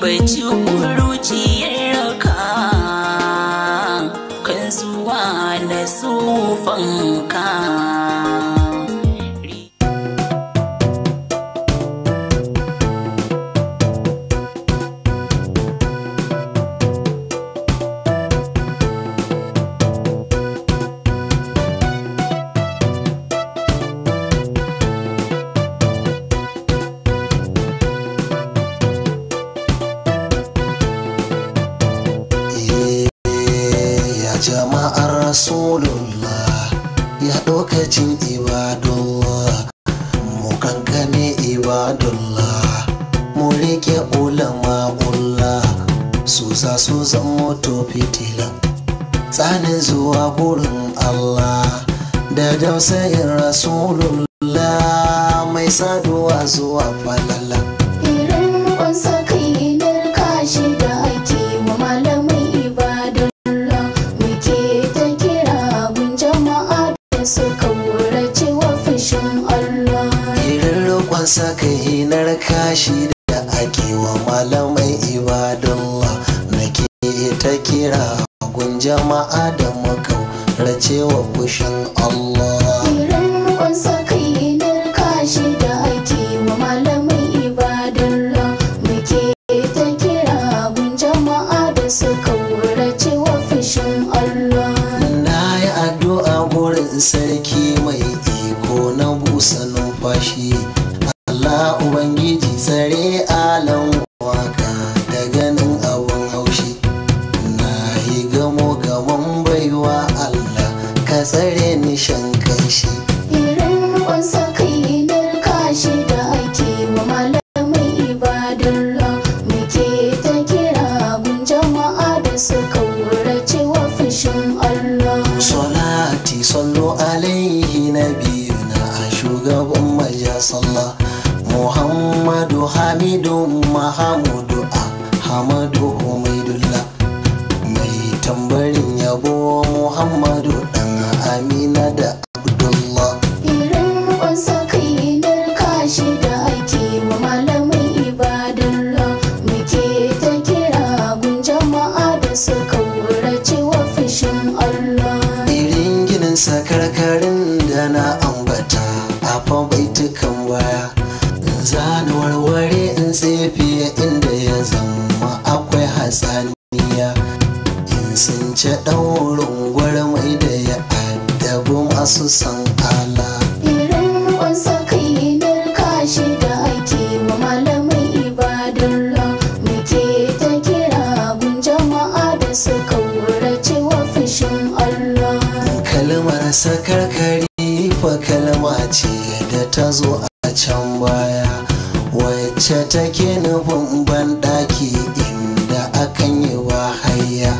baci kuruciyar raka kan zuwa na sufanka. su zan moto fitila tsanin zuwa gurin Allah da dausayin rasulullah mai saduwa zuwa falala irin wansa kai idar kashi da ake wa malamai ibadun muke ta kira abin jama'a da suka wurace wa Allah irin roƙon sa kai hinar kashi da jama'a da wa fushin a tsare nishan shan kanshi irin rukun sa kai kashi da ake wa malamai ibadar muke ta kira gun jama'a da su ofishin wa fushin Allah salati sallu alaihi nabiyuna a shugaban majasallah Muhammadu Hamidu Mahamudu Ahmadu Umaidullah mai tambarin yabo Muhammadu amina da ce da ta zo a can baya wacce take nufin banɗaki inda akan yi wahaya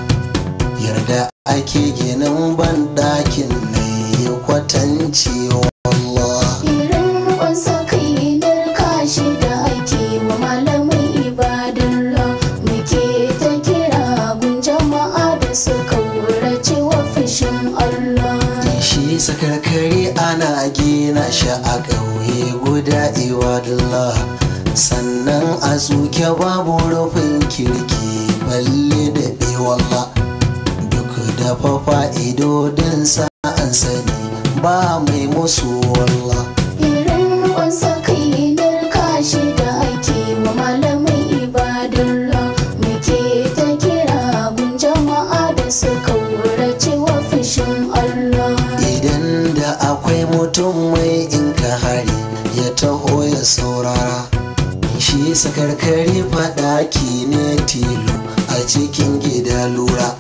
yarda ake ginin banɗakin mai kwatancewa ta a ƙauye guda iwadullah sannan a tsuke babu rufin kirki balle da bewalla duk da fafa idodin sa'an sani ba mai musu walla irin ruwan sa kai dar kashi da ake wa malamai ibadullah muke ta kira gun jama'a da suka kaurace wa fushin Allah idan da akwai mutum mai saurara shi sakarkari faɗaki ne tilo a cikin gida lura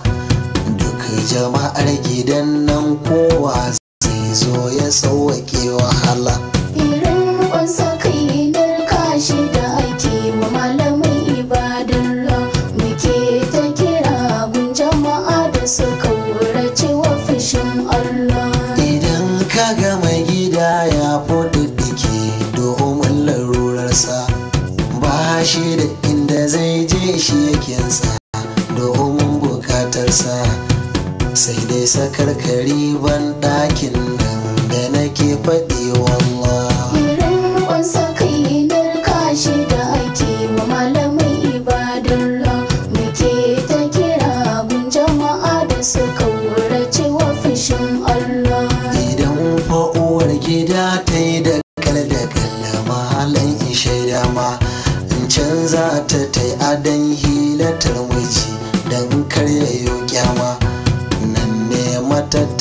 duk jama'ar gidan nan kowa zai zo ya tsawake wahala nesa sai dai sakarkari ban ɗakin nan da nake faɗi wallah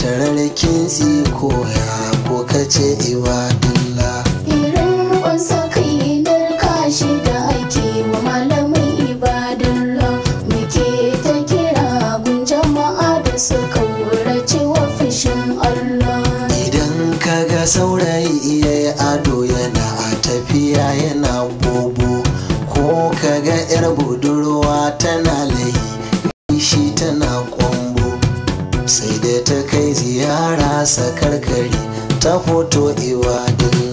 tarar kinsi ya ko kace ibadullah to iwa dilla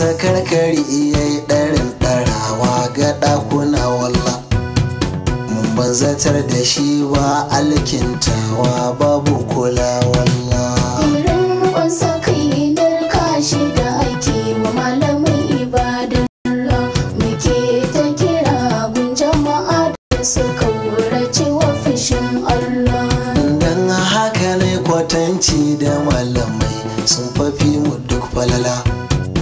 sakarkari iya yi ɗarin ɗarawa ga ɗakuna walla mun ban da shi ba alkintawa babu kula walla irin ƙunsa kai darka shi da ake wa malamin ibadan muke ta kira gun jama'a da suka wurace wa fashin Allah dan haka na kwatanci da malamai sun fafi mu duk falala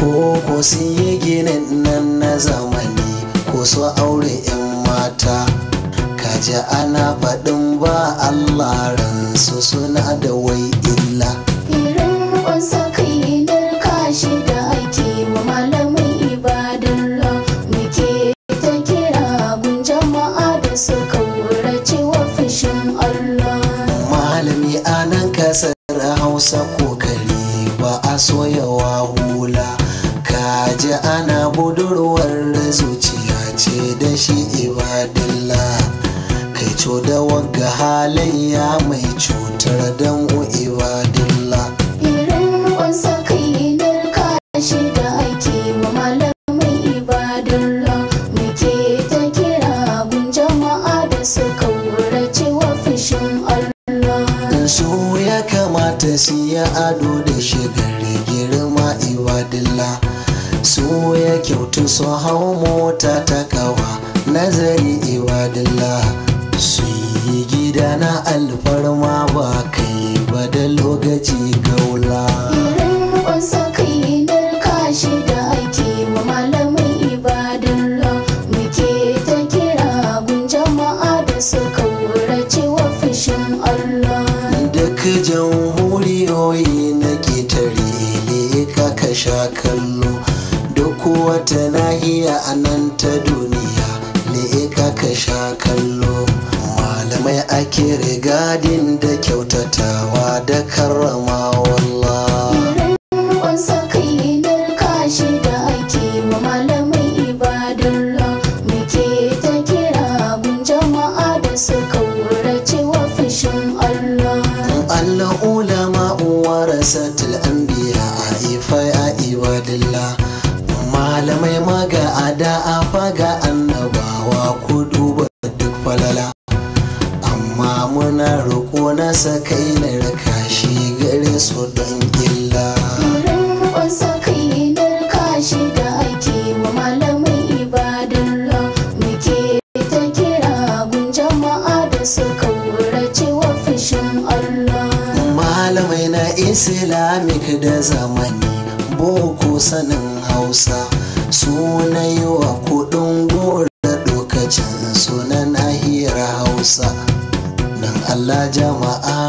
ko sun yi ginin nan na zamani ko su aure 'yan mata kaji ana faɗin ba allah ransu suna da wai ji ana budurwar zuciya ce da shi ibadillah kai co da wagga halayya mai cutar dan u ibadillah irin nuwan sa kai narka shi da ake wa malamai ibadillah muke ta kira gun jama'a da suka wurace wa fushin Allah su ya kamata siya ado da shigar girma ibadillah su ya kyautu su hau mota ta kawa nazari iwadilla su yi gida na alfarma ba kai ba da lokaci gaula a ta duniya ne ka ka sha kallo malamai ake rigadin da kyautatawa da karrama malamai na islamic da zamani boko sanin hausa suna yi wa kudin da lokacin sunan ahirar hausa nan Allah jama'a